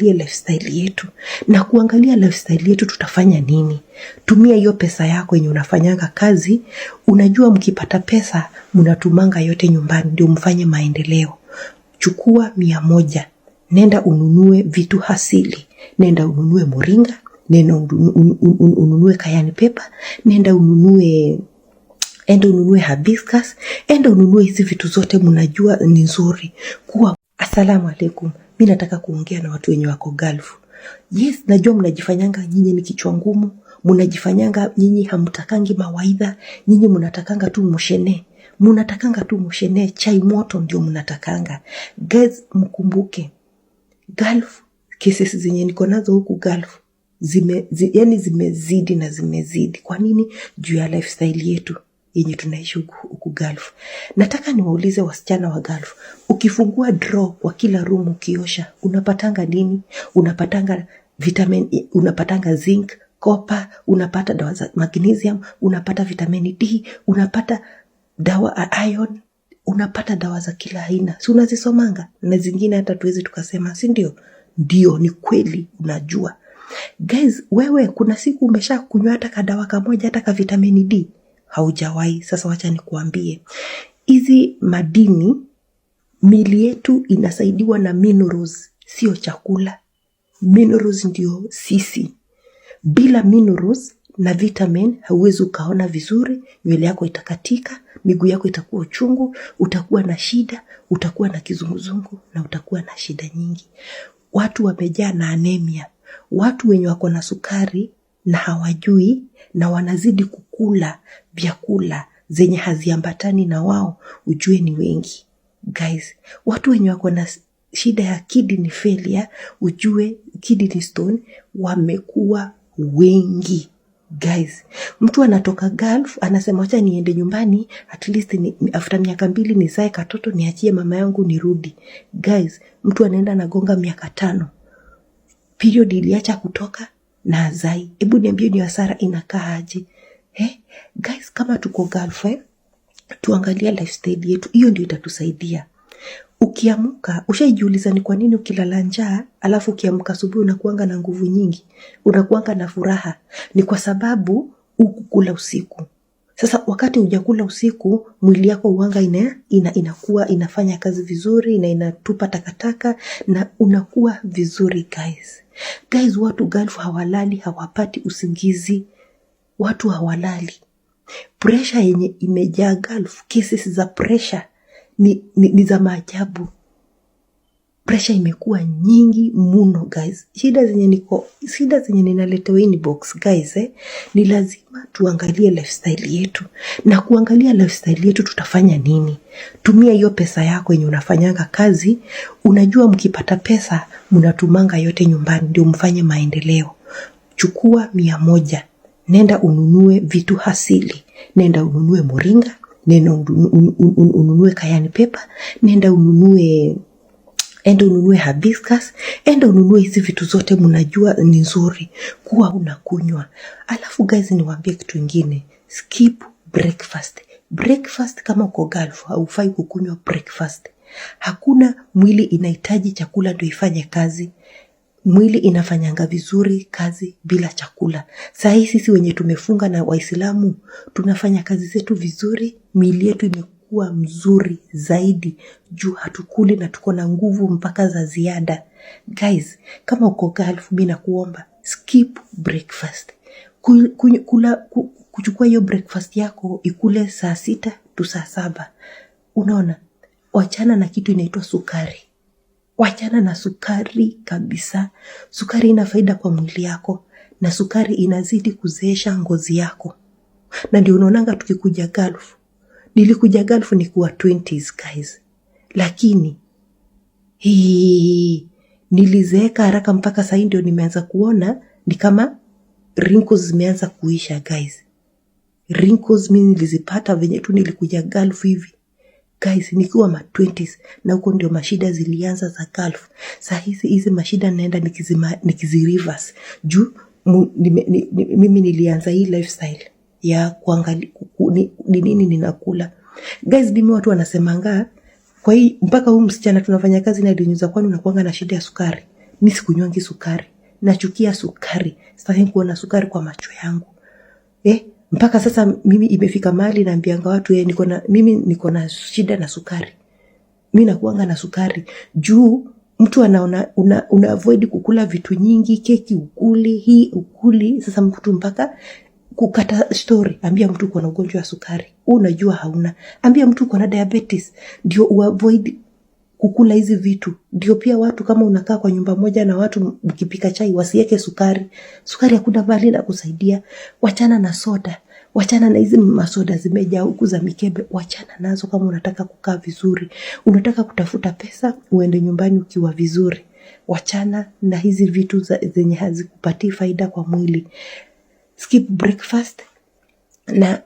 lifestyle yetu na kuangalia lifestyle yetu, tutafanya nini? Tumia hiyo pesa yako yenye unafanyanga kazi. Unajua mkipata pesa mnatumanga yote nyumbani, ndio mfanye maendeleo. Chukua mia moja, nenda ununue vitu hasili, nenda ununue moringa, nenda ununue kayani pepa nenda ununue enda ununue habiscus enda ununue hizi vitu zote mnajua ni nzuri. Kuwa Asalamu alaikum mi nataka kuongea na watu wenye wako gulf Yes, najua mnajifanyanga nyinyi ni kichwa ngumu, mnajifanyanga nyinyi hamtakangi mawaidha, nyinyi mnatakanga tu mshenee mnatakanga tu mshenee chai moto ndio mnatakanga. Guys, mkumbuke gulf kesesi zenye niko nazo huku gulf zime, zi, yani zimezidi na zimezidi. Kwa nini? Juu ya lifestyle yetu yenye tunaishi huku, galf Nataka niwaulize wasichana wa galf ukifungua draw kwa kila rum ukiosha, unapatanga nini? Unapatanga vitamin, unapatanga zinc, kopa, unapata dawa za magnesium, unapata vitamini D, unapata dawa iron, unapata dawa za kila aina, si unazisomanga na zingine hata tuwezi tukasema, si ndio? Ndio, ni kweli, unajua guys, wewe kuna siku umesha kunywa hata kadawa kamoja hata ka vitamini D? haujawahi. Sasa wacha nikuambie, hizi madini, mili yetu inasaidiwa na minerals, sio chakula. Minerals ndio sisi. Bila minerals na vitamin hauwezi ukaona vizuri, nywele yako itakatika, miguu yako itakuwa uchungu, utakuwa na shida, utakuwa na kizunguzungu na utakuwa na shida nyingi. Watu wamejaa na anemia, watu wenye wako na sukari na hawajui na wanazidi kupu kula vyakula zenye haziambatani na wao ujue ni wengi. Guys, watu wenye wako na shida ya kidney failure ujue kidney stone wamekuwa wengi. Guys, mtu anatoka Gulf anasema wacha niende nyumbani at least ni, after miaka mbili nizae katoto niachie mama yangu nirudi. Guys, mtu anaenda nagonga miaka tano period iliacha kutoka na azai. Hebu niambie ni hasara inakaa aje? Eh, guys kama tuko girlfriend tuangalia lifestyle yetu, hiyo ndio itatusaidia. ukiamka ushaijiuliza ni kwa nini ukilala njaa alafu ukiamka asubuhi unakuanga na nguvu nyingi, unakuanga na furaha? Ni kwa sababu ukukula usiku. Sasa wakati hujakula usiku, mwili yako uanga ina, ina, inakuwa inafanya kazi vizuri na inatupa takataka na unakuwa vizuri guys. Guys, watu girlfriend hawalali hawapati usingizi watu hawalali. Presha yenye imejaa Gulf, kesis za presha ni, ni, ni za maajabu. Presha imekuwa nyingi muno guys. Shida zenye niko shida zenye ninaletewa box guys, eh, ni lazima tuangalie lifestyle yetu, na kuangalia lifestyle yetu tutafanya nini? Tumia hiyo pesa yako yenye unafanyanga kazi. Unajua, mkipata pesa mnatumanga yote nyumbani, ndio mfanye maendeleo. Chukua mia moja nenda ununue vitu hasili, nenda ununue moringa, nenda ununue kayani pepa, nenda ununue enda ununue habiscus enda ununue hizi vitu zote, mnajua ni nzuri kuwa unakunywa. Alafu guys, niwaambie kitu ingine, skip breakfast. Breakfast kama uko galf haufai kukunywa breakfast. Hakuna mwili inahitaji chakula ndio ifanye kazi mwili inafanyanga vizuri kazi bila chakula. Sahii sisi wenye tumefunga na Waislamu tunafanya kazi zetu vizuri, miili yetu imekuwa mzuri zaidi juu hatukuli na tuko na nguvu mpaka za ziada. Guys, kama uko Gulf, mi nakuomba skip breakfast. Kula, kuchukua hiyo breakfast yako ikule saa sita tu saa saba. Unaona, wachana na kitu inaitwa sukari wachana na sukari kabisa. Sukari ina faida kwa mwili yako na sukari inazidi kuzeesha ngozi yako, na ndio unaonanga tukikuja galfu. Nilikuja ni nikiwa 20s guys, lakini hii nilizeeka haraka mpaka sahii ndio nimeanza kuona ni kama rinko zimeanza kuisha guys. rinko mimi nilizipata venye tu nilikuja galfu hivi Guys, nikiwa ma na huko ndio mashida zilianza za Gulf. sahizi hizi hizi mashida naenda nikizima, nikizi juu mimi nilianza hii lifestyle ya kuangalia ni nini ninakula. Guys, dimi watu wanasemanga kwa hii mpaka huu msichana tunafanya kazi na dunyuza, kwani unakuanga na shida ya sukari. Mi sikunywangi sukari, nachukia sukari, sitaki kuona sukari kwa macho yangu eh? mpaka sasa mimi imefika mahali naambianga watu eh, niko na mimi niko na shida na sukari, mi nakuanga na sukari juu mtu anaona una, una avoid kukula vitu nyingi, keki ukuli, hii ukuli. Sasa mtu mpaka kukata stori, ambia mtu uko na ugonjwa wa sukari, unajua hauna, ambia mtu uko na diabetes, ndio uavoid kukula hizi vitu. Ndio pia watu kama unakaa kwa nyumba moja na watu mkipika chai wasiweke sukari. Sukari hakuna mali na kusaidia. Wachana na soda. Wachana na hizi masoda zimejaa huku za mikebe. Wachana nazo kama unataka kukaa vizuri. Unataka kutafuta pesa uende nyumbani ukiwa vizuri. Wachana na hizi vitu za, zenye hazikupatii faida kwa mwili. Skip breakfast na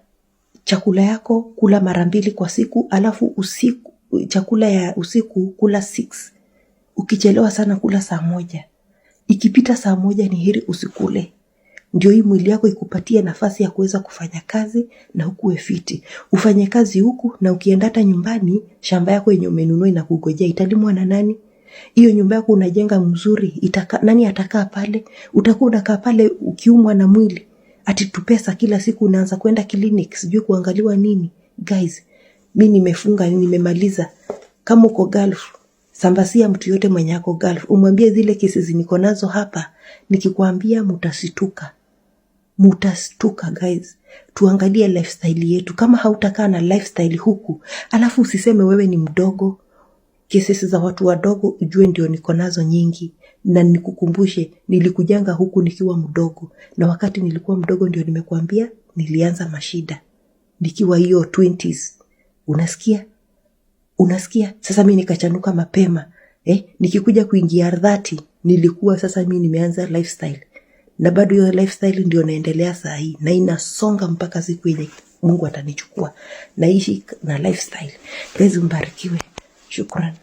chakula yako kula mara mbili kwa siku, alafu usiku chakula ya usiku kula 6 ukichelewa sana kula saa moja ikipita saa moja ni heri usikule ndio hii mwili yako ikupatie nafasi ya kuweza kufanya kazi na ukuwe fiti ufanye kazi huku na ukienda hata nyumbani shamba yako yenye umenunua inakugojea italimwa na nani hiyo nyumba yako unajenga mzuri itaka, nani atakaa pale utakuwa unakaa pale ukiumwa na mwili ati tupesa kila siku unaanza kwenda clinic sijui kuangaliwa nini guys mi nimefunga, nimemaliza. Kama uko galf sambasia mtu yote mwenye ako galf umwambie zile kesi niko nazo hapa. Nikikwambia mutasituka, mutasituka guys. Tuangalie lifestyle yetu, kama hautakaa na lifestyle huku, alafu usiseme wewe ni mdogo. Kesi za watu wadogo ujue ndio niko nazo nyingi na nikukumbushe, nilikujanga huku nikiwa mdogo, na wakati nilikuwa mdogo ndio nimekwambia nilianza mashida nikiwa hiyo 20s unasikia unasikia sasa mi nikachanuka mapema eh, nikikuja kuingia dhati nilikuwa sasa mi nimeanza lifestyle na bado hiyo lifestyle ndio naendelea saa hii na inasonga mpaka siku yenye mungu atanichukua naishi na lifestyle lezi mbarikiwe shukran